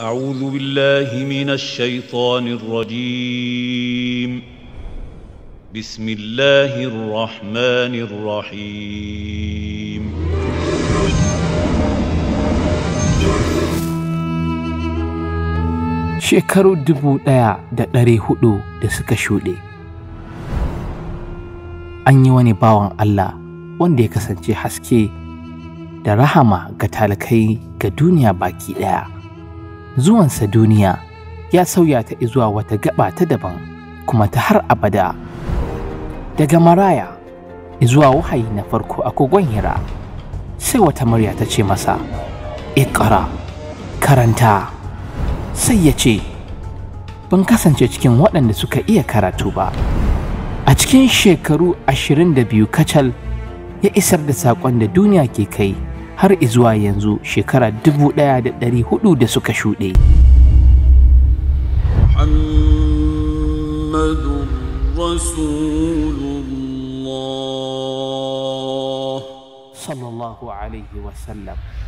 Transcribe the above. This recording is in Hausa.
أعوذ بالله من الشيطان الرجيم بسم الله الرحمن الرحيم شكر الدبو دايا داري هدو دسكا شودي أني واني باوان الله واندي كسنجي حسكي دا رحمة غتالكي غدونيا باكي دايا Zuwan sa duniya ya sauya ta zuwa wata gaba ta daban kuma ta har abada daga maraya zuwa wahayi na farko a kogon hira sai wata murya ta ce masa ikara karanta sai ya ce ban kasance cikin waɗanda suka iya karatu ba a cikin shekaru ashirin da biyu kacal ya isar da saƙon da duniya ke kai har izuwa yanzu shekara dubu ɗaya da ɗari hudu da suka shuɗe. sallallahu alaihi wasallam.